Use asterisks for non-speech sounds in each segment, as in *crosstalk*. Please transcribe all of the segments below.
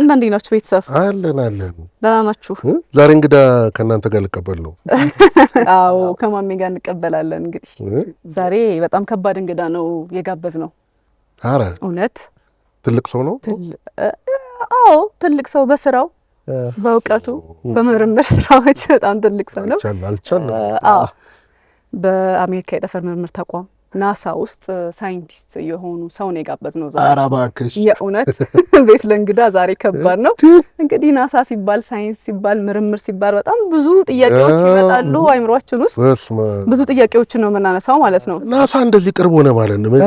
እና እንዴት ናችሁ ቤተሰብ? አለን አለን። ደህና ናችሁ? ዛሬ እንግዳ ከእናንተ ጋር ልቀበል ነው። *laughs* አዎ ከማሜ ጋር እንቀበላለን። እንግዲህ ዛሬ በጣም ከባድ እንግዳ ነው የጋበዝ ነው። አረ እውነት ትልቅ ሰው ነው። አዎ ትልቅ ሰው በስራው በእውቀቱ በምርምር ስራዎች በጣም ትልቅ ሰው ነው። አልቻለም። አዎ በአሜሪካ የጠፈር ምርምር ተቋም ናሳ ውስጥ ሳይንቲስት የሆኑ ሰው ነው የጋበዝነው። የእውነት *laughs* ቤት ለእንግዳ ዛሬ ከባድ ነው። እንግዲህ ናሳ ሲባል ሳይንስ ሲባል ምርምር ሲባል በጣም ብዙ ጥያቄዎች ይመጣሉ አይምሯችን ውስጥ። ብዙ ጥያቄዎችን ነው የምናነሳው ማለት ነው። ናሳ እንደዚህ ቅርብ ሆነ ማለት ነው።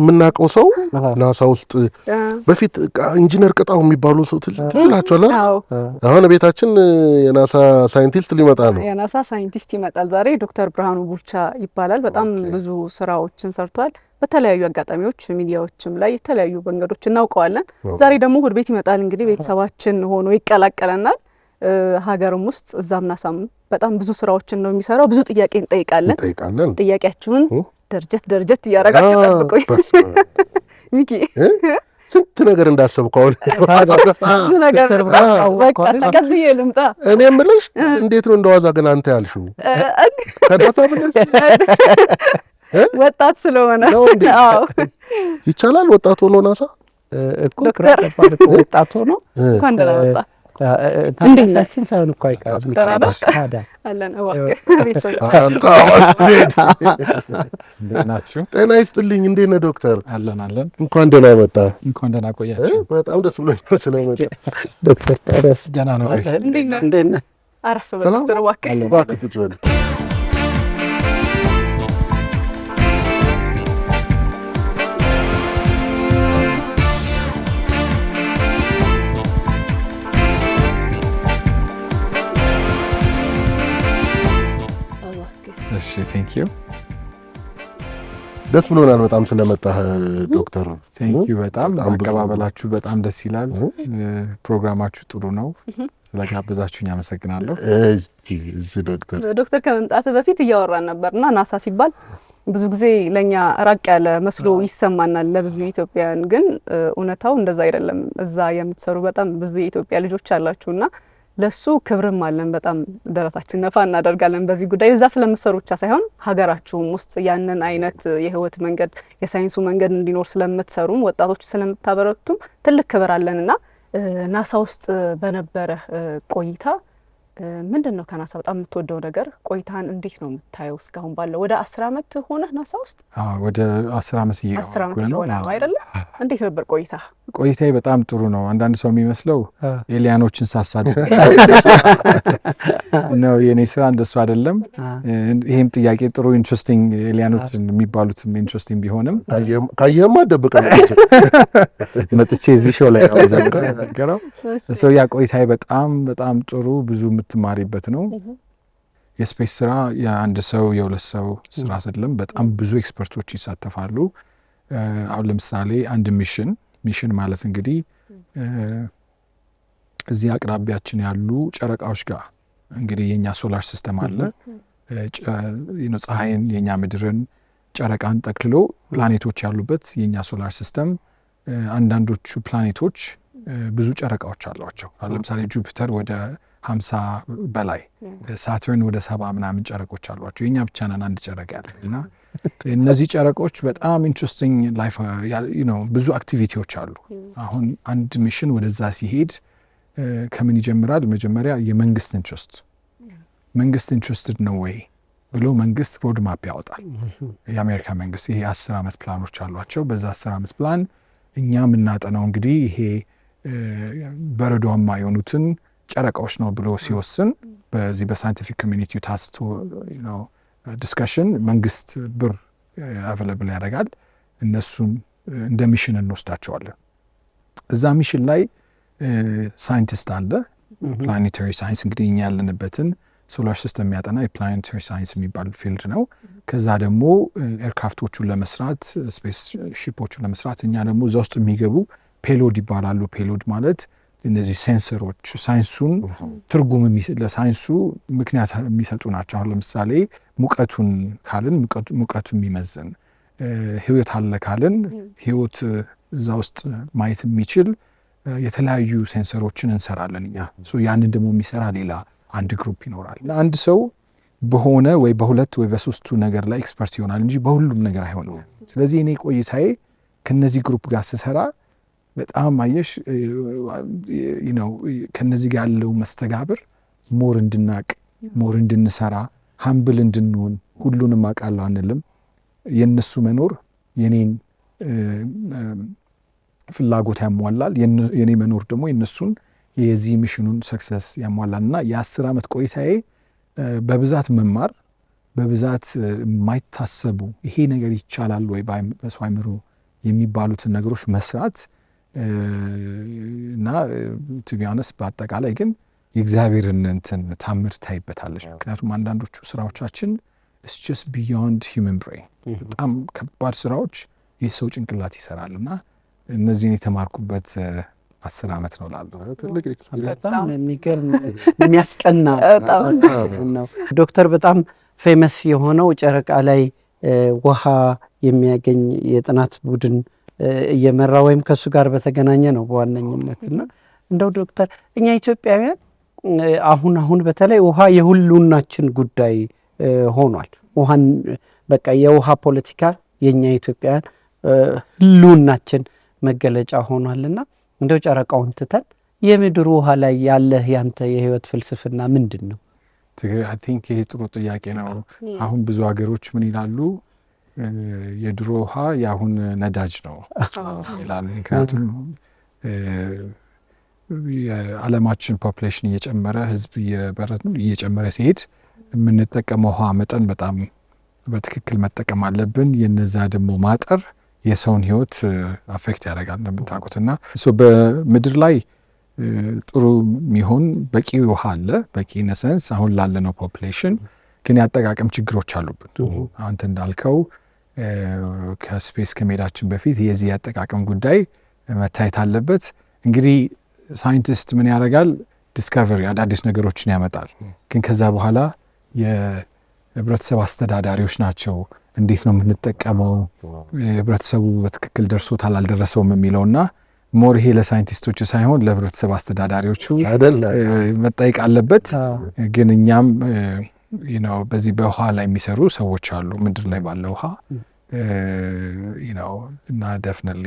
የምናውቀው ሰው ናሳ ውስጥ በፊት ኢንጂነር ቅጣው የሚባሉ ሰው ትላቸዋለህ። አሁን ቤታችን የናሳ ሳይንቲስት ሊመጣ ነው። የናሳ ሳይንቲስት ይመጣል ዛሬ። ዶክተር ብርሃኑ ቡልቻ ይባላል። በጣም ብዙ ስራዎችን ሰርቷል። በተለያዩ አጋጣሚዎች ሚዲያዎችም ላይ የተለያዩ መንገዶች እናውቀዋለን። ዛሬ ደግሞ እሑድ ቤት ይመጣል። እንግዲህ ቤተሰባችን ሆኖ ይቀላቀለናል። ሀገርም ውስጥ እዛም ናሳም በጣም ብዙ ስራዎችን ነው የሚሰራው። ብዙ ጥያቄ እንጠይቃለን። ጥያቄያችሁን ደርጀት ደርጀት እያረጋችሁ ጠብቁኝ። *laughs* ሚኪ ስንት ነገር እንዳሰብኩ አሁን *laughs* ብዙ ልምጣ። እኔ የምልሽ እንዴት ነው እንደዋዛ ግን አንተ ያልሽው *laughs* ወጣት ስለሆነ ይቻላል። ወጣት ሆኖ ናሳ እኮ ግራ ወጣት ሆኖ እንኳን ታንዳችን ሳይሆን እኮ አይቀርም። ታዲያ ናችሁ? ጤና ይስጥልኝ። እንዴት ነህ ዶክተር? አለን አለን። እንኳን ደህና መጣ። እንኳን ደህና ቆያችሁ። በጣም ደስ ብሎኝ ነው ስለመጣ። ዶክተር ደህና ነው? እንዴት ነህ? አረፍ በል እባክህ። እሺ ቴንክ ዩ ደስ ብሎናል በጣም ስለመጣህ ዶክተር። ቴንክ ዩ በጣም አቀባበላችሁ በጣም ደስ ይላል። ፕሮግራማችሁ ጥሩ ነው። ስለጋበዛችሁኝ አመሰግናለሁ። ዶክተር ዶክተር ከመምጣት በፊት እያወራን ነበርና ናሳ ሲባል ብዙ ጊዜ ለእኛ ራቅ ያለ መስሎ ይሰማናል ለብዙ ኢትዮጵያውያን፣ ግን እውነታው እንደዛ አይደለም። እዛ የምትሰሩ በጣም ብዙ የኢትዮጵያ ልጆች አላችሁና ለሱ ክብርም አለን። በጣም ደረታችን ነፋ እናደርጋለን በዚህ ጉዳይ እዛ ስለምሰሩ ብቻ ሳይሆን ሀገራችሁም ውስጥ ያንን አይነት የህይወት መንገድ የሳይንሱ መንገድ እንዲኖር ስለምትሰሩም ወጣቶቹ ስለምታበረቱም ትልቅ ክብር አለን እና ናሳ ውስጥ በነበረ ቆይታ ምንድን ነው ከናሳ በጣም የምትወደው ነገር? ቆይታን እንዴት ነው የምታየው? እስካሁን ባለው ወደ አስር አመት ሆነ ናሳ ውስጥ ወደ አስር አመት ነው አይደለ? እንዴት ነበር ቆይታ? ቆይታዬ በጣም ጥሩ ነው። አንዳንድ ሰው የሚመስለው ኤሊያኖችን ሳሳድ *laughs* ነው የኔ ስራ፣ እንደሱ አይደለም። ይህም ጥያቄ ጥሩ ኢንትረስቲንግ፣ ኤሊያኖችን የሚባሉትም ኢንትረስቲንግ ቢሆንም ካየማ ደብቀ መጥቼ እዚህ ሾው ላይ ነገረው ሰው ያ ቆይታዬ በጣም በጣም ጥሩ ብዙ የምትማሪበት ነው። የስፔስ ስራ የአንድ ሰው የሁለት ሰው ስራ አይደለም። በጣም ብዙ ኤክስፐርቶች ይሳተፋሉ። አሁን ለምሳሌ አንድ ሚሽን ሚሽን ማለት እንግዲህ እዚህ አቅራቢያችን ያሉ ጨረቃዎች ጋር እንግዲህ የኛ ሶላር ሲስተም አለ። ፀሐይን፣ የኛ ምድርን፣ ጨረቃን ጠቅልሎ ፕላኔቶች ያሉበት የኛ ሶላር ሲስተም አንዳንዶቹ ፕላኔቶች ብዙ ጨረቃዎች አሏቸው። ለምሳሌ ጁፒተር ወደ ሀምሳ በላይ ሳትርን ወደ ሰባ ምናምን ጨረቆች አሏቸው። የኛ ብቻ ነን አንድ ጨረቃ ያለን እና እነዚህ ጨረቆች በጣም ኢንትረስቲንግ ላይፍ ነው። ብዙ አክቲቪቲዎች አሉ። hmm. አሁን አንድ ሚሽን ወደዛ ሲሄድ ከምን ይጀምራል? መጀመሪያ የመንግስት ኢንትረስት hmm. መንግስት ኢንትረስትድ ነው ወይ ብሎ መንግስት ሮድማፕ ያወጣል። hmm. የአሜሪካ መንግስት ይሄ አስር ዓመት ፕላኖች አሏቸው። በዛ አስር ዓመት ፕላን እኛ የምናጠናው እንግዲህ ይሄ በረዷማ የሆኑትን ጨረቃዎች ነው ብሎ ሲወስን በዚህ በሳይንቲፊክ ኮሚኒቲ ታስቶ ዲስከሽን መንግስት ብር አቬለብል ያደርጋል። እነሱን እንደ ሚሽን እንወስዳቸዋለን። እዛ ሚሽን ላይ ሳይንቲስት አለ። ፕላኔታሪ ሳይንስ እንግዲህ እኛ ያለንበትን ሶላር ሲስተም የሚያጠና የፕላኔታሪ ሳይንስ የሚባል ፊልድ ነው። ከዛ ደግሞ ኤርክራፍቶቹን ለመስራት ስፔስ ሺፖቹን ለመስራት እኛ ደግሞ እዛ ውስጥ የሚገቡ ፔሎድ ይባላሉ። ፔሎድ ማለት እነዚህ ሴንሰሮች ሳይንሱን ትርጉም ለሳይንሱ ምክንያት የሚሰጡ ናቸው። አሁን ለምሳሌ ሙቀቱን ካልን ሙቀቱ የሚመዝን ህይወት አለ ካልን ህይወት እዛ ውስጥ ማየት የሚችል የተለያዩ ሴንሰሮችን እንሰራለን እኛ። ያንን ደግሞ የሚሰራ ሌላ አንድ ግሩፕ ይኖራል። አንድ ሰው በሆነ ወይ በሁለት ወይ በሶስቱ ነገር ላይ ኤክስፐርት ይሆናል እንጂ በሁሉም ነገር አይሆንም። ስለዚህ እኔ ቆይታዬ ከነዚህ ግሩፕ ጋር ስሰራ በጣም አየሽ ነው ከነዚህ ጋር ያለው መስተጋብር ሞር እንድናቅ ሞር እንድንሰራ ሀምብል እንድንሆን ሁሉንም አውቃለሁ አንልም። የእነሱ መኖር የኔን ፍላጎት ያሟላል። የኔ መኖር ደግሞ የእነሱን የዚህ ሚሽኑን ሰክሰስ ያሟላል እና የአስር ዓመት ቆይታዬ በብዛት መማር በብዛት የማይታሰቡ ይሄ ነገር ይቻላል ወይ በሰው አይምሮ የሚባሉትን ነገሮች መስራት እና ቱቢያነስ በአጠቃላይ ግን የእግዚአብሔርን እንትን ታምር ታይበታለች። ምክንያቱም አንዳንዶቹ ስራዎቻችን ስስ ቢዮንድ ሂውመን ብሬን በጣም ከባድ ስራዎች የሰው ጭንቅላት ይሰራል እና እነዚህን የተማርኩበት አስር ዓመት ነው ላሉ በጣም የሚገርም የሚያስቀና ነው። ዶክተር በጣም ፌመስ የሆነው ጨረቃ ላይ ውሃ የሚያገኝ የጥናት ቡድን እየመራ ወይም ከእሱ ጋር በተገናኘ ነው በዋነኝነት እና እንደው ዶክተር እኛ ኢትዮጵያውያን አሁን አሁን በተለይ ውሃ የሁሉናችን ጉዳይ ሆኗል። ውሃን በቃ የውሃ ፖለቲካ የእኛ ኢትዮጵያውያን ህልውናችን መገለጫ ሆኗልና እንደው ጨረቃውን ትተን የምድር ውሃ ላይ ያለህ ያንተ የህይወት ፍልስፍና ምንድን ነው? አይ ቲንክ ይሄ ጥሩ ጥያቄ ነው። አሁን ብዙ ሀገሮች ምን ይላሉ የድሮ ውሃ የአሁን ነዳጅ ነው ይላል። ምክንያቱም የዓለማችን ፖፕሌሽን እየጨመረ ህዝብ እየበረ እየጨመረ ሲሄድ የምንጠቀመው ውሃ መጠን በጣም በትክክል መጠቀም አለብን። የነዛ ደግሞ ማጠር የሰውን ህይወት አፌክት ያደርጋል እንደምታውቁት እና በምድር ላይ ጥሩ የሚሆን በቂ ውሃ አለ። በቂ ነሰንስ አሁን ላለነው ፖፕሌሽን ግን የአጠቃቀም ችግሮች አሉብን አንተ እንዳልከው ከስፔስ ከመሄዳችን በፊት የዚህ የአጠቃቀም ጉዳይ መታየት አለበት። እንግዲህ ሳይንቲስት ምን ያደርጋል? ዲስከቨሪ አዳዲስ ነገሮችን ያመጣል። ግን ከዛ በኋላ የህብረተሰብ አስተዳዳሪዎች ናቸው እንዴት ነው የምንጠቀመው፣ ህብረተሰቡ በትክክል ደርሶታል አልደረሰውም የሚለውና ሞር ይሄ ለሳይንቲስቶቹ ሳይሆን ለህብረተሰብ አስተዳዳሪዎቹ መጠየቅ አለበት። ግን እኛም ነው። በዚህ በውሃ ላይ የሚሰሩ ሰዎች አሉ፣ ምድር ላይ ባለ ውሃ ነው እና ደፍነሌ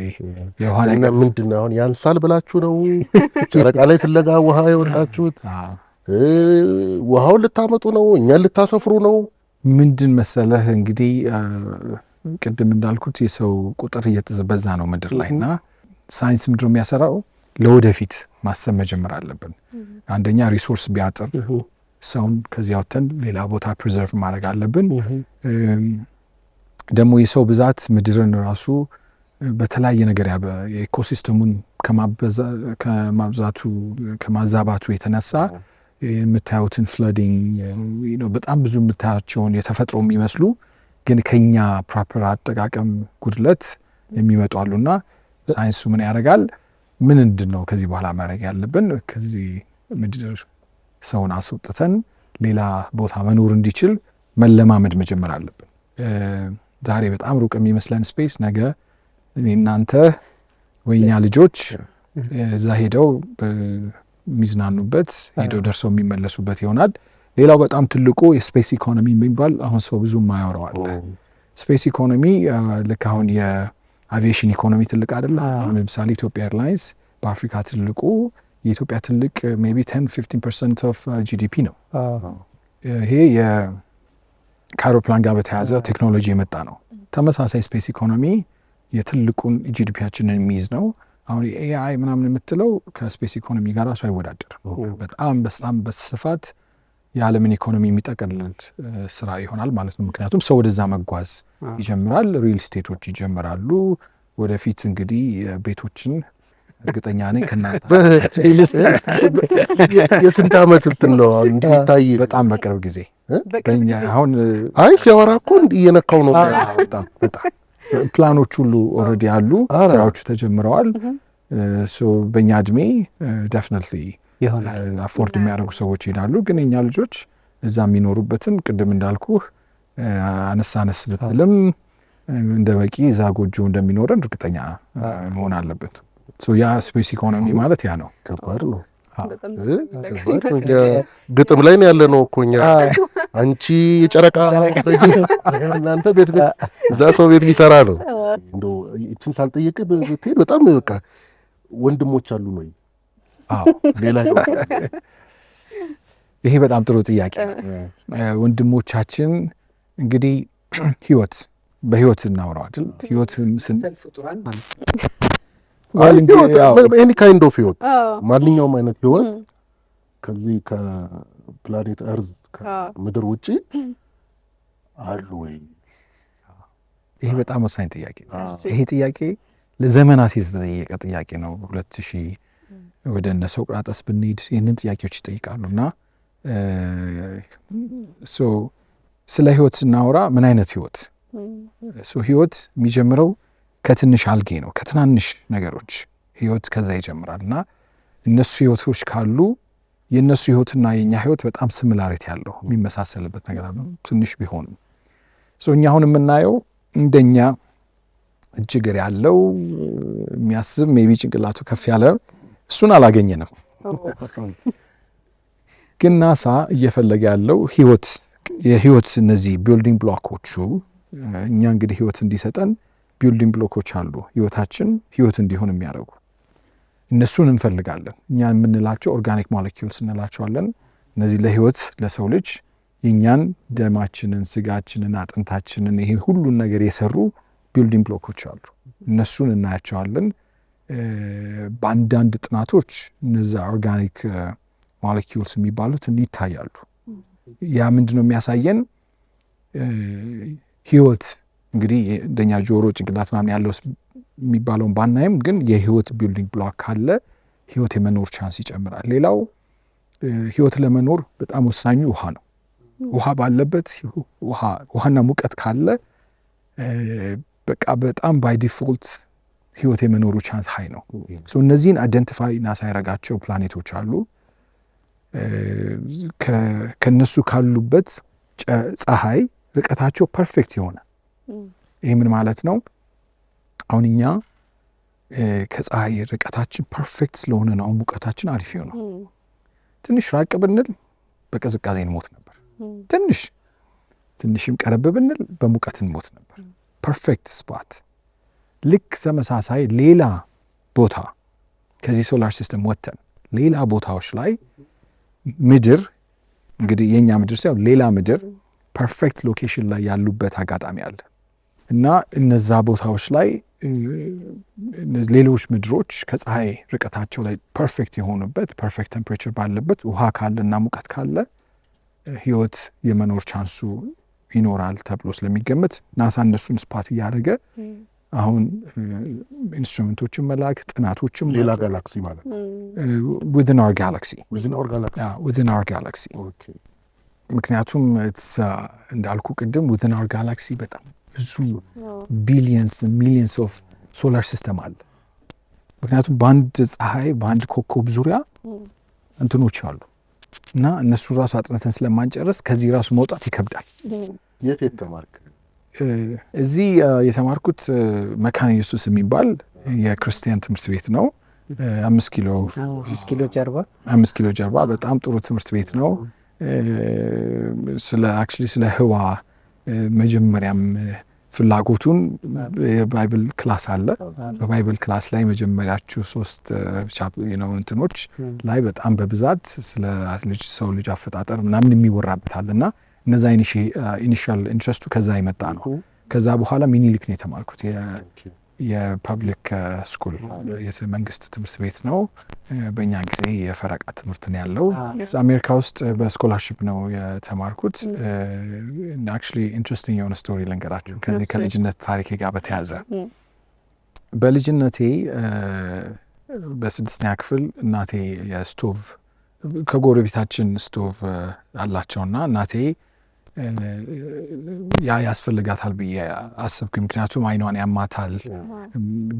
የውሃ ነገር ምንድን ነው አሁን ያንሳል ብላችሁ ነው *laughs* ጨረቃ ላይ ፍለጋ ውሃ የወጣችሁት? ውሃውን ልታመጡ ነው? እኛን ልታሰፍሩ ነው? ምንድን መሰለህ እንግዲህ ቅድም እንዳልኩት የሰው ቁጥር በዛ ነው ምድር ላይ እና ሳይንስ ምድር የሚያሰራው ለወደፊት ማሰብ መጀመር አለብን። አንደኛ ሪሶርስ ቢያጥር ሰውን ከዚህ አውጥተን ሌላ ቦታ ፕሪዘርቭ ማድረግ አለብን። ደግሞ የሰው ብዛት ምድርን ራሱ በተለያየ ነገር የኢኮሲስተሙን ከማብዛቱ ከማዛባቱ የተነሳ የምታዩትን ፍለዲንግ በጣም ብዙ የምታያቸውን የተፈጥሮ የሚመስሉ ግን ከኛ ፕሮፐር አጠቃቀም ጉድለት የሚመጡ አሉና ሳይንሱ ምን ያደርጋል? ምንድን ነው ከዚህ በኋላ ማድረግ ያለብን ከዚህ ምድር ሰውን አስወጥተን ሌላ ቦታ መኖር እንዲችል መለማመድ መጀመር አለብን። ዛሬ በጣም ሩቅ የሚመስለን ስፔስ ነገ እናንተ ወይኛ ልጆች እዛ ሄደው የሚዝናኑበት ሄደው ደርሰው የሚመለሱበት ይሆናል። ሌላው በጣም ትልቁ የስፔስ ኢኮኖሚ የሚባል አሁን ሰው ብዙ ማያወራዋል። ስፔስ ኢኮኖሚ ልክ አሁን የአቪዬሽን ኢኮኖሚ ትልቅ አይደለ? አሁን ለምሳሌ ኢትዮጵያ ኤርላይንስ በአፍሪካ ትልቁ የኢትዮጵያ ትልቅ ሜይ ቢ ቴን ፊፍቲን ፐርሰንት ኦፍ ጂዲፒ ነው። ይሄ ከአውሮፕላን ጋር በተያያዘ ቴክኖሎጂ የመጣ ነው። ተመሳሳይ ስፔስ ኢኮኖሚ የትልቁን ጂዲፒያችንን የሚይዝ ነው። አሁን ኤአይ ምናምን የምትለው ከስፔስ ኢኮኖሚ ጋር ሱ አይወዳደርም። በጣም በጣም በስፋት የዓለምን ኢኮኖሚ የሚጠቀልል ስራ ይሆናል ማለት ነው። ምክንያቱም ሰው ወደዛ መጓዝ ይጀምራል። ሪል ስቴቶች ይጀምራሉ። ወደፊት እንግዲህ ቤቶችን እርግጠኛ ነኝ ከእናንተ የስንት ዓመት እንትን ነው እንዲታይ በጣም በቅርብ ጊዜ አሁን አይ ሲያወራ እኮ እየነካው ነው። በጣም በጣም ፕላኖች ሁሉ ኦልሬዲ አሉ፣ ስራዎቹ ተጀምረዋል። በእኛ እድሜ ደፍነትሊ አፎርድ የሚያደርጉ ሰዎች ይሄዳሉ። ግን እኛ ልጆች እዛ የሚኖሩበትን ቅድም እንዳልኩህ አነሳ አነስ ብትልም እንደ በቂ እዛ ጎጆ እንደሚኖረን እርግጠኛ መሆን አለብን። ያ ስፔስ ኢኮኖሚ ማለት ያ ነው። ከባድ ነው። *laughs* ግጥም ላይ ያለ ነው እኮ እኛ አንቺ የጨረቃ እናንተ ቤት እዛ ሰው ቤት ሊሰራ ነው። እችን ሳልጠየቅ ብትሄድ በጣም በቃ ወንድሞች አሉ ነው። ሌላ ይሄ በጣም ጥሩ ጥያቄ። ነው። ወንድሞቻችን እንግዲህ *clears throat* ህይወት በህይወት እናውረዋል ህይወት ኤኒ ካይንድ ኦፍ ህይወት ማንኛውም አይነት ህይወት ከዚህ ከፕላኔት እርዝ ከምድር ውጭ አሉ ወይ? ይሄ በጣም ወሳኝ ጥያቄ ነው። ይሄ ጥያቄ ለዘመናት የተጠየቀ ጥያቄ ነው። ሁለት ሺህ ወደ እነ ሶቅራጠስ ብንሄድ ይህንን ጥያቄዎች ይጠይቃሉ እና ስለ ህይወት ስናወራ ምን አይነት ህይወት ህይወት የሚጀምረው ከትንሽ አልጌ ነው፣ ከትናንሽ ነገሮች ህይወት ከዛ ይጀምራል እና እነሱ ህይወቶች ካሉ የእነሱ ህይወትና የእኛ ህይወት በጣም ስምላሪት ያለው የሚመሳሰልበት ነገር አለ ትንሽ ቢሆንም። እኛ አሁን የምናየው እንደኛ እጅግር ያለው የሚያስብ ሜቢ ጭንቅላቱ ከፍ ያለ እሱን አላገኘንም። ግን ናሳ እየፈለገ ያለው ህይወት የህይወት እነዚህ ቢልዲንግ ብሎኮቹ እኛ እንግዲህ ህይወት እንዲሰጠን ቢልዲንግ ብሎኮች አሉ ህይወታችን ህይወት እንዲሆን የሚያደርጉ እነሱን እንፈልጋለን። እኛ የምንላቸው ኦርጋኒክ ሞለኪውልስ እንላቸዋለን። እነዚህ ለህይወት ለሰው ልጅ የእኛን ደማችንን፣ ስጋችንን፣ አጥንታችንን ይህን ሁሉን ነገር የሰሩ ቢልዲንግ ብሎኮች አሉ። እነሱን እናያቸዋለን። በአንዳንድ ጥናቶች እነዛ ኦርጋኒክ ሞለኪውልስ የሚባሉት ይታያሉ። ያ ምንድነው የሚያሳየን ህይወት እንግዲህ እንደኛ ጆሮ ጭንቅላት ምናምን ያለው የሚባለውን ባናይም ግን የህይወት ቢልዲንግ ብሎክ ካለ ህይወት የመኖር ቻንስ ይጨምራል። ሌላው ህይወት ለመኖር በጣም ወሳኙ ውሃ ነው። ውሃ ባለበት ውሃና ሙቀት ካለ በቃ በጣም ባይ ዲፎልት ህይወት የመኖሩ ቻንስ ሀይ ነው። እነዚህን አይደንቲፋይ ናሳ ያረጋቸው ፕላኔቶች አሉ። ከነሱ ካሉበት ፀሐይ ርቀታቸው ፐርፌክት የሆነ ይህ ምን ማለት ነው? አሁን እኛ ከፀሐይ ርቀታችን ፐርፌክት ስለሆነ ነው። አሁን ሙቀታችን አሪፍ ነው። ትንሽ ራቅ ብንል በቅዝቃዜ እንሞት ነበር። ትንሽ ትንሽም ቀረብ ብንል በሙቀት እንሞት ነበር። ፐርፌክት ስፖት። ልክ ተመሳሳይ ሌላ ቦታ ከዚህ ሶላር ሲስተም ወጥተን ሌላ ቦታዎች ላይ ምድር እንግዲህ የእኛ ምድር ሳይሆን ሌላ ምድር ፐርፌክት ሎኬሽን ላይ ያሉበት አጋጣሚ አለ። እና እነዛ ቦታዎች ላይ ሌሎች ምድሮች ከፀሐይ ርቀታቸው ላይ ፐርፌክት የሆኑበት ፐርፌክት ቴምፕሬቸር ባለበት ውሃ ካለ እና ሙቀት ካለ ህይወት የመኖር ቻንሱ ይኖራል ተብሎ ስለሚገመት ናሳ እነሱን ስፓት እያደረገ አሁን ኢንስትሩመንቶችን መላክ ጥናቶችም ሌላ ጋላክሲ ማለት ዊዝን አወር ጋላክሲ ዊዝን አወር ጋላክሲ ምክንያቱም uh, እንዳልኩ ቅድም ዊዝን አወር ጋላክሲ በጣም ብዙ ቢሊየንስ ሚሊየንስ ኦፍ ሶላር ሲስተም አለ። ምክንያቱም በአንድ ፀሐይ በአንድ ኮከብ ዙሪያ እንትኖች አሉ እና እነሱ ራሱ አጥነትን ስለማንጨርስ ከዚህ ራሱ መውጣት ይከብዳል። የት የተማርክ? እዚህ የተማርኩት መካነ ኢየሱስ የሚባል የክርስቲያን ትምህርት ቤት ነው። አምስት ኪሎ አምስት ኪሎ ጀርባ በጣም ጥሩ ትምህርት ቤት ነው። ስለ አክቹዋሊ ስለ ህዋ መጀመሪያም ፍላጎቱን የባይብል ክላስ አለ። በባይብል ክላስ ላይ መጀመሪያችሁ ሶስት ነው እንትኖች ላይ በጣም በብዛት ስለ ልጅ ሰው ልጅ አፈጣጠር ምናምን የሚወራበታል አለ እና እነዛ ኢኒሻል ኢንትረስቱ ከዛ ይመጣ ነው። ከዛ በኋላ ሚኒሊክ ነው የተማርኩት የፐብሊክ ስኩል መንግስት ትምህርት ቤት ነው። በእኛ ጊዜ የፈረቃ ትምህርት ነው ያለው። አሜሪካ ውስጥ በስኮላርሽፕ ነው የተማርኩት። አክቹዋሊ ኢንትረስቲንግ የሆነ ስቶሪ ልንገራችሁ ከዚህ ከልጅነት ታሪኬ ጋር በተያዘ በልጅነቴ በስድስተኛ ክፍል እናቴ የስቶቭ ከጎረቤታችን ስቶቭ አላቸውና እናቴ ያስፈልጋታል ብዬ አሰብኩኝ። ምክንያቱም አይኗን ያማታል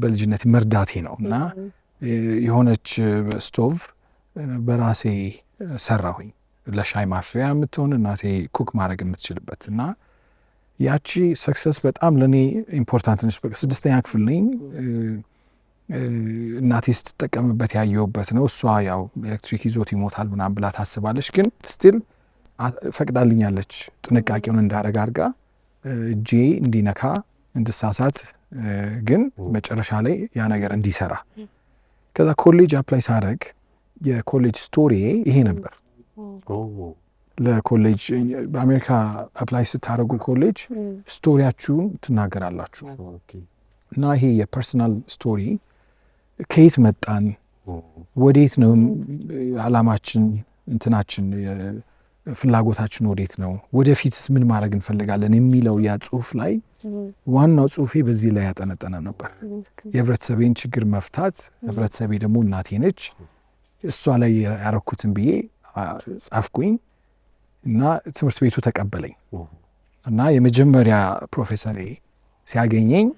በልጅነት መርዳቴ ነው እና የሆነች ስቶቭ በራሴ ሰራሁኝ ለሻይ ማፍያ የምትሆን እናቴ ኩክ ማድረግ የምትችልበት እና ያቺ ሰክሰስ በጣም ለእኔ ኢምፖርታንት ነች። ስድስተኛ ክፍል ነኝ እናቴ ስትጠቀምበት ያየውበት ነው። እሷ ያው ኤሌክትሪክ ይዞት ይሞታል ምናምን ብላ ታስባለች፣ ግን ስቲል ፈቅዳልኛለች። ጥንቃቄውን እንዳደረግ አድርጋ እጄ እንዲነካ እንድሳሳት፣ ግን መጨረሻ ላይ ያ ነገር እንዲሰራ ከዛ ኮሌጅ አፕላይ ሳደርግ የኮሌጅ ስቶሪ ይሄ ነበር። ለኮሌጅ በአሜሪካ አፕላይ ስታደርጉ ኮሌጅ ስቶሪያችሁን ትናገራላችሁ እና ይሄ የፐርሰናል ስቶሪ ከየት መጣን፣ ወዴት ነው አላማችን እንትናችን ፍላጎታችን ወዴት ነው፣ ወደፊትስ ምን ማድረግ እንፈልጋለን የሚለው ያ ጽሁፍ ላይ ዋናው ጽሁፌ በዚህ ላይ ያጠነጠነ ነበር። የህብረተሰቤን ችግር መፍታት፣ ህብረተሰቤ ደግሞ እናቴ ነች፣ እሷ ላይ ያረኩትን ብዬ ጻፍኩኝ እና ትምህርት ቤቱ ተቀበለኝ እና የመጀመሪያ ፕሮፌሰሬ ሲያገኘኝ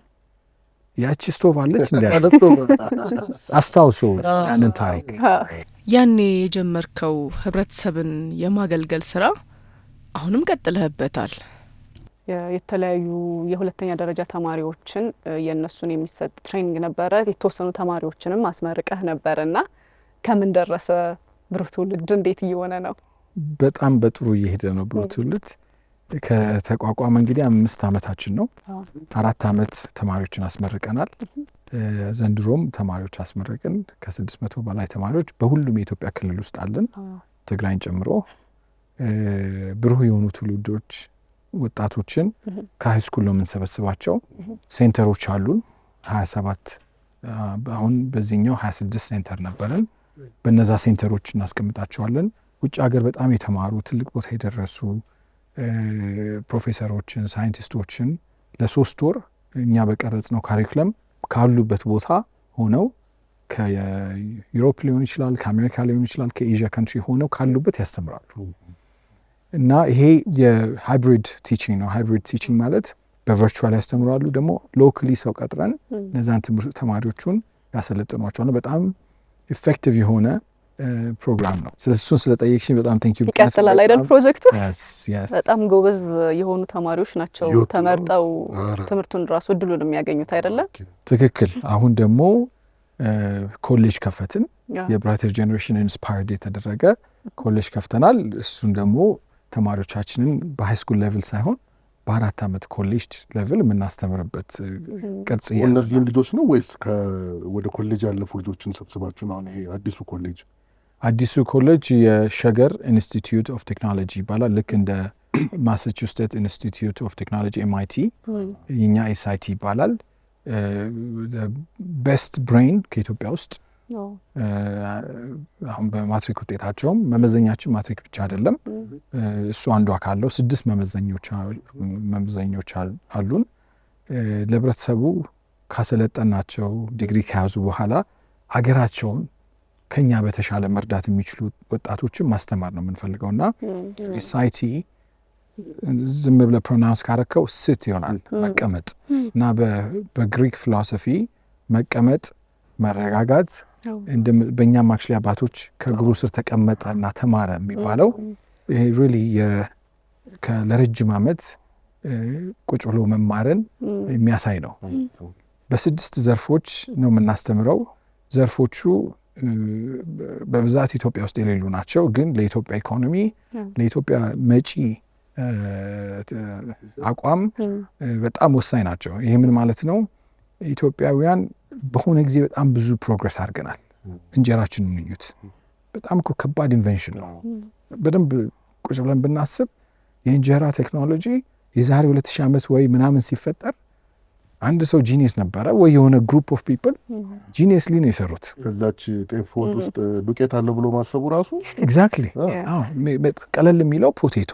ያቺ ስቶቭ አለች እንዲ አስታውሱ ያንን ታሪክ። ያኔ የጀመርከው ህብረተሰብን የማገልገል ስራ አሁንም ቀጥለህበታል። የተለያዩ የሁለተኛ ደረጃ ተማሪዎችን የእነሱን የሚሰጥ ትሬኒንግ ነበረ። የተወሰኑ ተማሪዎችንም አስመርቀህ ነበር እና ከምን ደረሰ? ብሩህ ትውልድ እንዴት እየሆነ ነው? በጣም በጥሩ እየሄደ ነው ብሩህ ትውልድ ከተቋቋመ እንግዲህ አምስት ዓመታችን ነው። አራት ዓመት ተማሪዎችን አስመርቀናል። ዘንድሮም ተማሪዎች አስመረቅን። ከስድስት መቶ በላይ ተማሪዎች በሁሉም የኢትዮጵያ ክልል ውስጥ አለን፣ ትግራይን ጨምሮ ብሩህ የሆኑ ትውልዶች ወጣቶችን ከሃይስኩል ነው የምንሰበስባቸው። ሴንተሮች አሉን ሀያ ሰባት አሁን በዚህኛው ሀያ ስድስት ሴንተር ነበረን። በነዛ ሴንተሮች እናስቀምጣቸዋለን። ውጭ ሀገር በጣም የተማሩ ትልቅ ቦታ የደረሱ ፕሮፌሰሮችን፣ ሳይንቲስቶችን ለሶስት ወር እኛ በቀረጽ ነው ካሪኩለም ካሉበት ቦታ ሆነው ከዩሮፕ ሊሆን ይችላል፣ ከአሜሪካ ሊሆን ይችላል፣ ከኤዥያ ከንትሪ ሆነው ካሉበት ያስተምራሉ እና ይሄ የሃይብሪድ ቲቺንግ ነው። ሃይብሪድ ቲቺንግ ማለት በቨርቹዋል ያስተምራሉ፣ ደግሞ ሎክሊ ሰው ቀጥረን እነዛን ትምህርት ተማሪዎቹን ያሰለጥኗቸዋል። በጣም ኢፌክቲቭ የሆነ ፕሮግራም ነው። እሱን ስለጠየቅሽኝ በጣም ቴንኪው። ይቀጥላል አይደል ፕሮጀክቱ? በጣም ጎበዝ የሆኑ ተማሪዎች ናቸው ተመርጠው ትምህርቱን ራሱ እድሉን የሚያገኙት አይደለም? ትክክል። አሁን ደግሞ ኮሌጅ ከፈትን። የብራይተር ጀኔሬሽን ኢንስፓየርድ የተደረገ ኮሌጅ ከፍተናል። እሱን ደግሞ ተማሪዎቻችንን በሃይስኩል ሌቭል ሳይሆን በአራት ዓመት ኮሌጅ ሌቭል የምናስተምርበት ቅርጽ እነዚህን ልጆች ነው ወይስ ወደ ኮሌጅ ያለፉ ልጆችን ሰብስባችሁ ነው አሁን ይሄ አዲሱ ኮሌጅ አዲሱ ኮሌጅ የሸገር ኢንስቲትዩት ኦፍ ቴክኖሎጂ ይባላል። ልክ እንደ ማሳቹሴት ኢንስቲትዩት ኦፍ ቴክኖሎጂ ኤምአይቲ የኛ ኤስአይቲ ይባላል። ቤስት ብሬን ከኢትዮጵያ ውስጥ አሁን በማትሪክ ውጤታቸውም መመዘኛችን ማትሪክ ብቻ አይደለም፣ እሱ አንዱ አካለው ስድስት መመዘኞች አሉን። ለህብረተሰቡ ካሰለጠናቸው ዲግሪ ከያዙ በኋላ ሀገራቸውን ከኛ በተሻለ መርዳት የሚችሉ ወጣቶችን ማስተማር ነው የምንፈልገው እና ሳይቲ ዝም ብለ ፕሮናውንስ ካረከው ስት ይሆናል መቀመጥ እና በግሪክ ፊሎሶፊ መቀመጥ መረጋጋት በእኛም አክቹዋሊ አባቶች ከእግሩ ስር ተቀመጠ እና ተማረ የሚባለው ሪሊ ለረጅም ዓመት ቁጭ ብሎ መማርን የሚያሳይ ነው። በስድስት ዘርፎች ነው የምናስተምረው። ዘርፎቹ በብዛት ኢትዮጵያ ውስጥ የሌሉ ናቸው። ግን ለኢትዮጵያ ኢኮኖሚ ለኢትዮጵያ መጪ አቋም በጣም ወሳኝ ናቸው። ይህ ምን ማለት ነው? ኢትዮጵያውያን በሆነ ጊዜ በጣም ብዙ ፕሮግረስ አድርገናል። እንጀራችን እንዩት። በጣም እኮ ከባድ ኢንቨንሽን ነው። በደንብ ቁጭ ብለን ብናስብ የእንጀራ ቴክኖሎጂ የዛሬ 2000 ዓመት ወይ ምናምን ሲፈጠር አንድ ሰው ጂኒየስ ነበረ ወይ የሆነ ግሩፕ ኦፍ ፒፕል ጂኒየስሊ ነው የሰሩት። ከዛች ጤፍ ወጥ ውስጥ ዱቄት አለ ብሎ ማሰቡ ራሱ ኤግዛክትሊ ቀለል የሚለው ፖቴቶ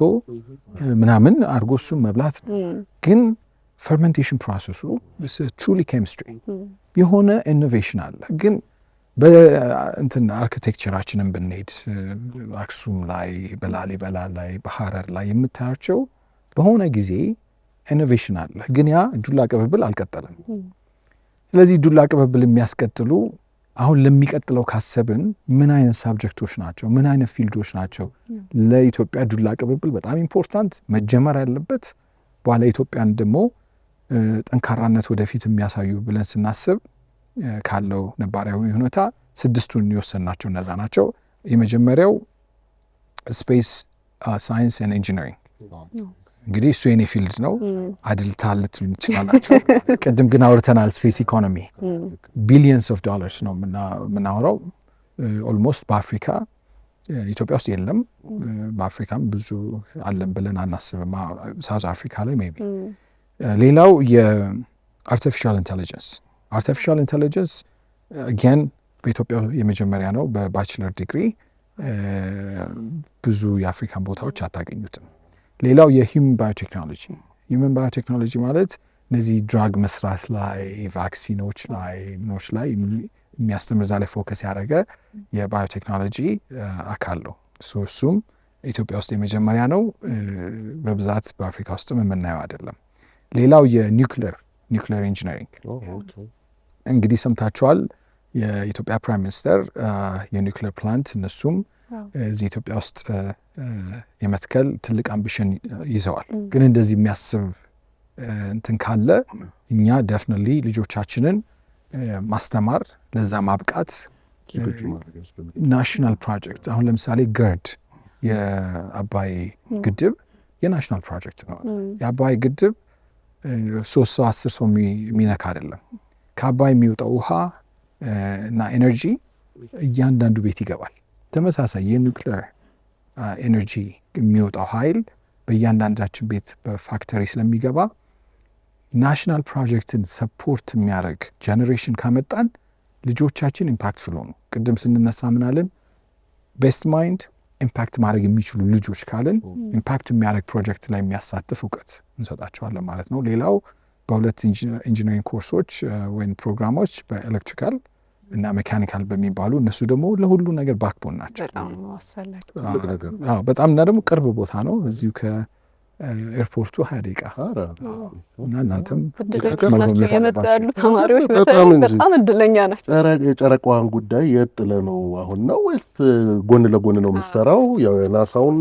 ምናምን አድርጎ እሱም መብላት ነው። ግን ፈርመንቴሽን ፕሮሰሱ ትሩሊ ኬሚስትሪ የሆነ ኢኖቬሽን አለ ግን በእንትን አርኪቴክቸራችንን ብንሄድ አክሱም ላይ በላሊበላ ላይ በሐረር ላይ የምታያቸው በሆነ ጊዜ ኢኖቬሽን አለ፣ ግን ያ ዱላ ቅብብል አልቀጠለም። ስለዚህ ዱላ ቅብብል የሚያስቀጥሉ አሁን ለሚቀጥለው ካሰብን ምን አይነት ሳብጀክቶች ናቸው፣ ምን አይነት ፊልዶች ናቸው ለኢትዮጵያ ዱላ ቅብብል በጣም ኢምፖርታንት መጀመር ያለበት በኋላ ኢትዮጵያን ደግሞ ጠንካራነት ወደፊት የሚያሳዩ ብለን ስናስብ ካለው ነባሪያዊ ሁኔታ ስድስቱን የወሰንናቸው እነዛ ናቸው። የመጀመሪያው ስፔስ ሳይንስ ኤንድ ኢንጂነሪንግ እንግዲህ እሱ የኔ ፊልድ ነው። አድልታ ልትሉኝ ይችላላችሁ። *laughs* ቅድም ግን አውርተናል። ስፔስ ኢኮኖሚ ቢሊየንስ ኦፍ ዶላርስ ነው የምናወራው። ኦልሞስት በአፍሪካ ኢትዮጵያ ውስጥ የለም፣ በአፍሪካም ብዙ አለን ብለን አናስብም። ሳውዝ አፍሪካ ላይ ሜይ ቢ። ሌላው የአርቲፊሻል ኢንቴሊጀንስ አርቲፊሻል ኢንቴሊጀንስ አጌን በኢትዮጵያ የመጀመሪያ ነው። በባችለር ዲግሪ ብዙ የአፍሪካን ቦታዎች አታገኙትም። ሌላው የሂውመን ባዮቴክኖሎጂ ሂውመን ባዮቴክኖሎጂ ማለት እነዚህ ድራግ መስራት ላይ ቫክሲኖች ላይ ኖች ላይ የሚያስተምር እዛ ላይ ፎከስ ያደረገ የባዮቴክኖሎጂ አካል ነው። እሱም ኢትዮጵያ ውስጥ የመጀመሪያ ነው። በብዛት በአፍሪካ ውስጥም የምናየው አይደለም። ሌላው የኒውክሌር ኒውክሌር ኢንጂነሪንግ እንግዲህ ሰምታችኋል። የኢትዮጵያ ፕራይም ሚኒስተር የኒውክሌር ፕላንት እነሱም እዚህ ኢትዮጵያ ውስጥ የመትከል ትልቅ አምቢሽን ይዘዋል። ግን እንደዚህ የሚያስብ እንትን ካለ እኛ ደፍንሊ ልጆቻችንን ማስተማር ለዛ ማብቃት ናሽናል ፕሮጀክት አሁን ለምሳሌ ገርድ የአባይ ግድብ የናሽናል ፕሮጀክት ነው። የአባይ ግድብ ሶስት ሰው አስር ሰው የሚነካ አይደለም። ከአባይ የሚወጣው ውሃ እና ኤነርጂ እያንዳንዱ ቤት ይገባል። ተመሳሳይ የኒውክሌር ኤነርጂ የሚወጣው ኃይል በእያንዳንዳችን ቤት በፋክተሪ ስለሚገባ ናሽናል ፕሮጀክትን ሰፖርት የሚያደርግ ጀኔሬሽን ካመጣን ልጆቻችን ኢምፓክት ፍሎ ነው። ቅድም ስንነሳ ምናለን ቤስት ማይንድ ኢምፓክት ማድረግ የሚችሉ ልጆች ካልን ኢምፓክት የሚያደርግ ፕሮጀክት ላይ የሚያሳትፍ እውቀት እንሰጣቸዋለን ማለት ነው። ሌላው በሁለት ኢንጂነሪንግ ኮርሶች ወይም ፕሮግራሞች በኤሌክትሪካል እና ሜካኒካል በሚባሉ እነሱ ደግሞ ለሁሉ ነገር ባክቦን ናቸው። በጣም እና ደግሞ ቅርብ ቦታ ነው እዚሁ ኤርፖርቱ ሀያ ደቂቃ እና እናንተም ያሉ ተማሪዎች በጣም እድለኛ ናቸው። የጨረቃዋን ጉዳይ የት ጥለህ ነው አሁን ነው ወይስ ጎን ለጎን ነው የምትሰራው? ናሳውን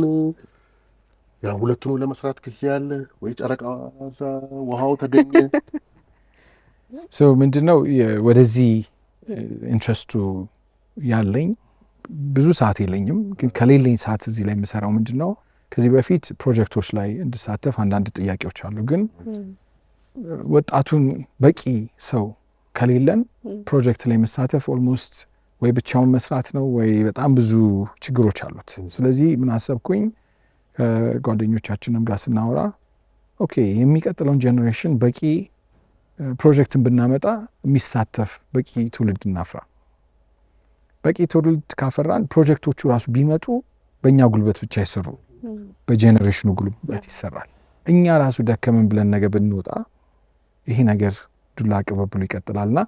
ያ ሁለቱኑ ለመስራት ጊዜ አለ ወይ? ጨረቃ ውሃው ተገኘ *laughs* ምንድን ነው ወደዚህ ኢንትረስቱ ያለኝ ብዙ ሰዓት የለኝም፣ ግን ከሌለኝ ሰዓት እዚህ ላይ የምሰራው ምንድን ነው? ከዚህ በፊት ፕሮጀክቶች ላይ እንድሳተፍ አንዳንድ ጥያቄዎች አሉ፣ ግን ወጣቱን በቂ ሰው ከሌለን ፕሮጀክት ላይ መሳተፍ ኦልሞስት ወይ ብቻውን መስራት ነው ወይ በጣም ብዙ ችግሮች አሉት። ስለዚህ ምን አሰብኩኝ ከጓደኞቻችንም ጋር ስናወራ ኦኬ የሚቀጥለውን ጀኔሬሽን በቂ ፕሮጀክትን ብናመጣ የሚሳተፍ በቂ ትውልድ እናፍራ። በቂ ትውልድ ካፈራን ፕሮጀክቶቹ ራሱ ቢመጡ በእኛ ጉልበት ብቻ አይሰሩ፣ በጄኔሬሽኑ ጉልበት ይሰራል። እኛ ራሱ ደከመን ብለን ነገ ብንወጣ ይሄ ነገር ዱላ ቅብብሉ ይቀጥላልና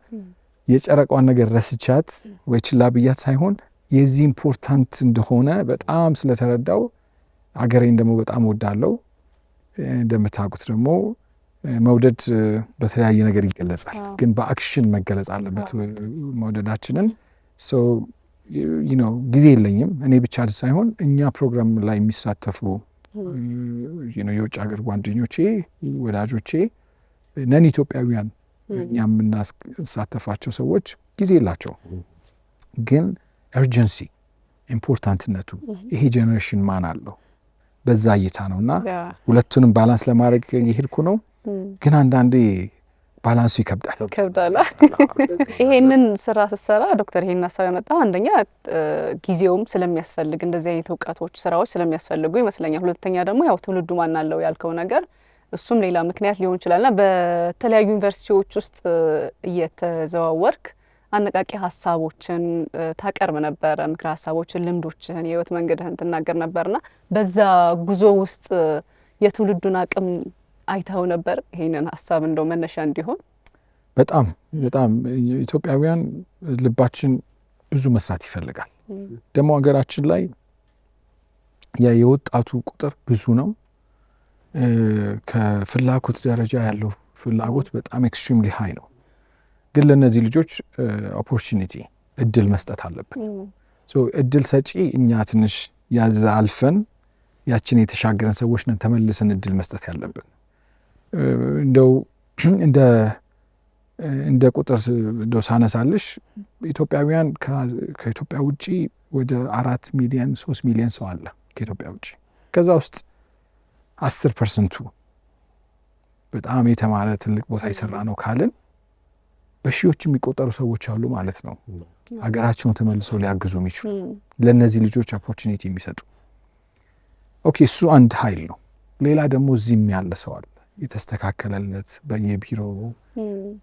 የጨረቋን ነገር ረስቻት ወይ ችላ ብያት ሳይሆን የዚህ ኢምፖርታንት እንደሆነ በጣም ስለተረዳው አገሬን ደግሞ በጣም ወዳለው እንደምታውቁት ደግሞ መውደድ በተለያየ ነገር ይገለጻል፣ ግን በአክሽን መገለጽ አለበት መውደዳችንን። ጊዜ የለኝም እኔ ብቻ ሳይሆን እኛ ፕሮግራም ላይ የሚሳተፉ የውጭ ሀገር ጓደኞቼ፣ ወዳጆቼ ነን ኢትዮጵያውያን እኛ የምናሳተፋቸው ሰዎች ጊዜ የላቸው፣ ግን ኤርጀንሲ ኢምፖርታንትነቱ ይሄ ጀኔሬሽን ማን አለው በዛ እይታ ነው እና ሁለቱንም ባላንስ ለማድረግ የሄድኩ ነው። ግን አንዳንዴ ባላንሱ ይከብዳል ይከብዳል። *laughs* ይሄንን ስራ ስትሰራ ዶክተር ይሄን ሀሳብ ያመጣው አንደኛ ጊዜውም ስለሚያስፈልግ እንደዚህ አይነት እውቀቶች፣ ስራዎች ስለሚያስፈልጉ ይመስለኛል። ሁለተኛ ደግሞ ያው ትውልዱ ማናለው ያልከው ነገር እሱም ሌላ ምክንያት ሊሆን ና በተለያዩ ዩኒቨርሲቲዎች ውስጥ እየተዘዋወርክ አነቃቂ ሀሳቦችን ታቀርብ ነበረ፣ ምክረ ሀሳቦችን፣ ልምዶችህን፣ የህይወት መንገድህን ትናገር ና በዛ ጉዞ ውስጥ የትውልዱን አቅም አይተው ነበር ይህንን ሀሳብ እንደው መነሻ እንዲሆን? በጣም በጣም ኢትዮጵያውያን ልባችን ብዙ መስራት ይፈልጋል። ደግሞ ሀገራችን ላይ ያ የወጣቱ ቁጥር ብዙ ነው። ከፍላጎት ደረጃ ያለው ፍላጎት በጣም ኤክስትሪምሊ ሀይ ነው። ግን ለእነዚህ ልጆች ኦፖርቹኒቲ እድል መስጠት አለብን። እድል ሰጪ እኛ ትንሽ ያዛ አልፈን ያችን የተሻገረን ሰዎች ነን። ተመልሰን እድል መስጠት ያለብን እንደው እንደ እንደ ቁጥር እንደው ሳነሳልሽ ኢትዮጵያውያን ከኢትዮጵያ ውጭ ወደ አራት ሚሊዮን ሶስት ሚሊዮን ሰው አለ ከኢትዮጵያ ውጭ። ከዛ ውስጥ አስር ፐርሰንቱ በጣም የተማረ ትልቅ ቦታ የሰራ ነው ካልን በሺዎች የሚቆጠሩ ሰዎች አሉ ማለት ነው፣ ሀገራቸውን ተመልሰው ሊያግዙ የሚችሉ ለእነዚህ ልጆች ኦፖርቹኒቲ የሚሰጡ ኦኬ። እሱ አንድ ሀይል ነው። ሌላ ደግሞ እዚህም ያለ ሰው አለ የተስተካከለለት በየቢሮ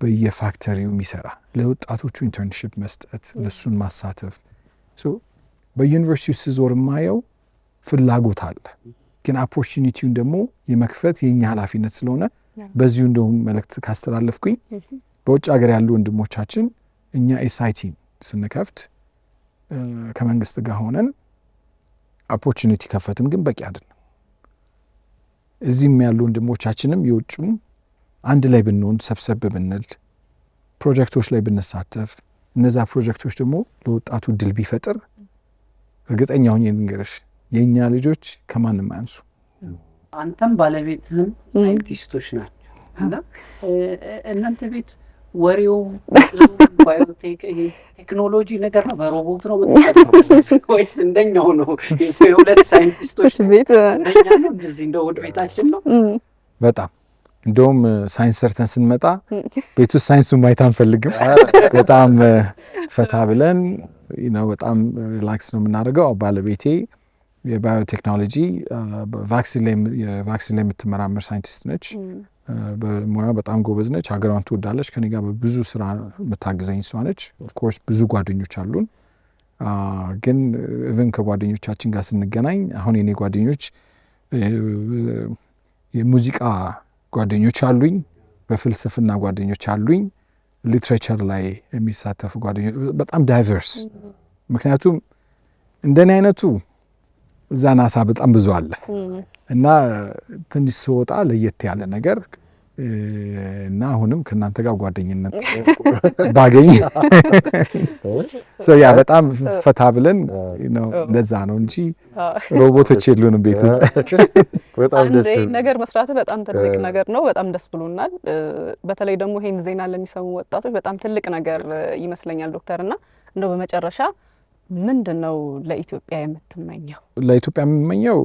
በየፋክተሪው የሚሰራ ለወጣቶቹ ኢንተርንሽፕ መስጠት ለሱን ማሳተፍ በዩኒቨርሲቲ ስዞር የማየው ፍላጎት አለ፣ ግን ኦፖርቹኒቲውን ደግሞ የመክፈት የኛ ኃላፊነት ስለሆነ በዚሁ እንደውም መልእክት ካስተላለፍኩኝ በውጭ ሀገር ያሉ ወንድሞቻችን እኛ ኤስአይቲን ስንከፍት ከመንግስት ጋር ሆነን ኦፖርቹኒቲ ከፈትም፣ ግን በቂ አይደለም። እዚህም ያሉ ወንድሞቻችንም የውጭም አንድ ላይ ብንሆን ሰብሰብ ብንል ፕሮጀክቶች ላይ ብንሳተፍ እነዛ ፕሮጀክቶች ደግሞ ለወጣቱ ድል ቢፈጥር እርግጠኛ ሁኝ ልንገርሽ የእኛ ልጆች ከማንም አያንሱ። አንተም ባለቤትህም ሳይንቲስቶች ናቸው እና እናንተ ቤት ወሬው ቴክኖሎጂ ነገር ነው። በሮቦት ነው *laughs* ወይስ እንደኛው ነው? የሁለት ሳይንቲስቶች ቤት እንደዚህ እንደ ወደ ቤታችን ነው። በጣም እንደውም ሳይንስ ሰርተን ስንመጣ ቤት ውስጥ ሳይንሱን ማየት አንፈልግም። በጣም ፈታ ብለን ነው፣ በጣም ሪላክስ ነው የምናደርገው። ባለቤቴ የባዮቴክኖሎጂ ቫክሲን ላይ የምትመራመር ሳይንቲስት ነች። በሙያ በጣም ጎበዝ ነች፣ ሀገሯን ትወዳለች። ከኔ ጋር በብዙ ስራ የምታግዘኝ እሷ ነች። ኦፍኮርስ ብዙ ጓደኞች አሉን፣ ግን እብን ከጓደኞቻችን ጋር ስንገናኝ አሁን የኔ ጓደኞች የሙዚቃ ጓደኞች አሉኝ፣ በፍልስፍና ጓደኞች አሉኝ፣ ሊትሬቸር ላይ የሚሳተፉ ጓደኞች በጣም ዳይቨርስ ምክንያቱም እንደኔ አይነቱ እዛን ናሳ በጣም ብዙ አለ እና ትንሽ ስወጣ ለየት ያለ ነገር እና አሁንም ከእናንተ ጋር ጓደኝነት *laughs* ባገኝ *laughs* ያ በጣም ፈታ ብለን እንደዛ ነው እንጂ ሮቦቶች የሉንም ቤት ውስጥ። *laughs* ነገር መስራት በጣም ትልቅ ነገር ነው። በጣም ደስ ብሎናል። በተለይ ደግሞ ይሄን ዜና ለሚሰሙ ወጣቶች በጣም ትልቅ ነገር ይመስለኛል ዶክተር እና እንደው በመጨረሻ ምንድን ነው ለኢትዮጵያ የምትመኘው? ለኢትዮጵያ የምመኘው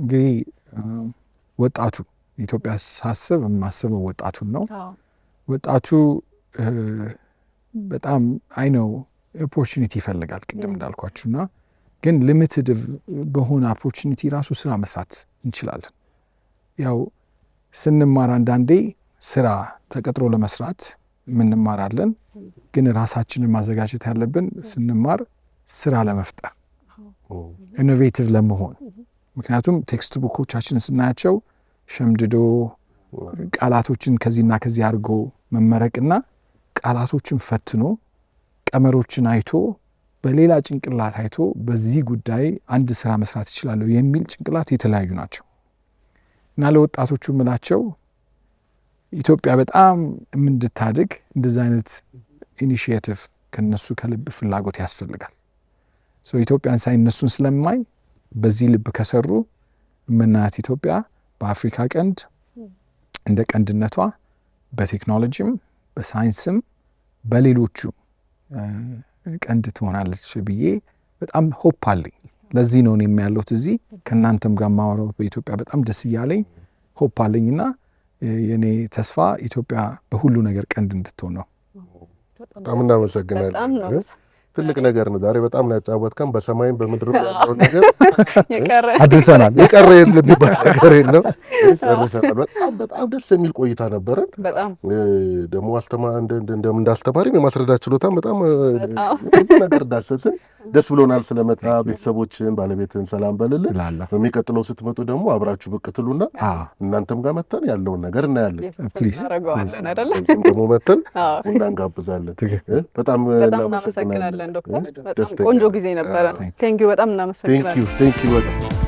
እንግዲህ ወጣቱ ኢትዮጵያ ሳስብ የማስበው ወጣቱን ነው። ወጣቱ በጣም አይ ነው ኦፖርቹኒቲ ይፈልጋል ቅድም እንዳልኳችሁ እና ግን ሊሚትድ በሆነ ኦፖርቹኒቲ ራሱ ስራ መስራት እንችላለን። ያው ስንማር አንዳንዴ ስራ ተቀጥሮ ለመስራት ምንማራለን፣ ግን ራሳችንን ማዘጋጀት ያለብን ስንማር ስራ ለመፍጠር ኢኖቬቲቭ ለመሆን ምክንያቱም ቴክስት ቡኮቻችን ስናያቸው ሸምድዶ ቃላቶችን ከዚህና ከዚህ አድርጎ መመረቅና ቃላቶችን ፈትኖ ቀመሮችን አይቶ በሌላ ጭንቅላት አይቶ በዚህ ጉዳይ አንድ ስራ መስራት ይችላለሁ የሚል ጭንቅላት የተለያዩ ናቸው እና ለወጣቶቹ የምላቸው ኢትዮጵያ በጣም የምንድታድግ እንደዚ አይነት ኢኒሽቲቭ ከነሱ ከልብ ፍላጎት ያስፈልጋል። ኢትዮጵያን ሳይ እነሱን ስለማይ በዚህ ልብ ከሰሩ የምናያት ኢትዮጵያ በአፍሪካ ቀንድ እንደ ቀንድነቷ በቴክኖሎጂም በሳይንስም በሌሎቹ ቀንድ ትሆናለች ብዬ በጣም ሆፕ አለኝ። ለዚህ ነው እኔም ያለሁት እዚህ ከእናንተም ጋር ማወራው በኢትዮጵያ በጣም ደስ እያለኝ ሆፕ አለኝ እና የእኔ ተስፋ ኢትዮጵያ በሁሉ ነገር ቀንድ እንድትሆን ነው። በጣም እናመሰግናለን። ትልቅ ነገር ነው። ዛሬ በጣም ነው ያጫወትከን። በሰማይም በምድር ያለው ነገር *laughs* አድርሰናል። የቀረ የሚባል ነገር የለም። በጣም በጣም ደስ የሚል ቆይታ ነበረን። ደግሞ አስተማ እንዳስተማሪም የማስረዳት ችሎታም በጣም ነገር ዳሰስን። ደስ ብሎናል ስለመጣ። ቤተሰቦችን ባለቤትን ሰላም በልልን። በሚቀጥለው ስትመጡ ደግሞ አብራችሁ ብቅ ትሉና እናንተም ጋር መተን ያለውን ነገር እናያለን። ደግሞ መተን ቡና እንጋብዛለን። በጣም እናመሰግናለን ዶክተር። ቆንጆ ጊዜ ነበረ። በጣም እናመሰግናለን።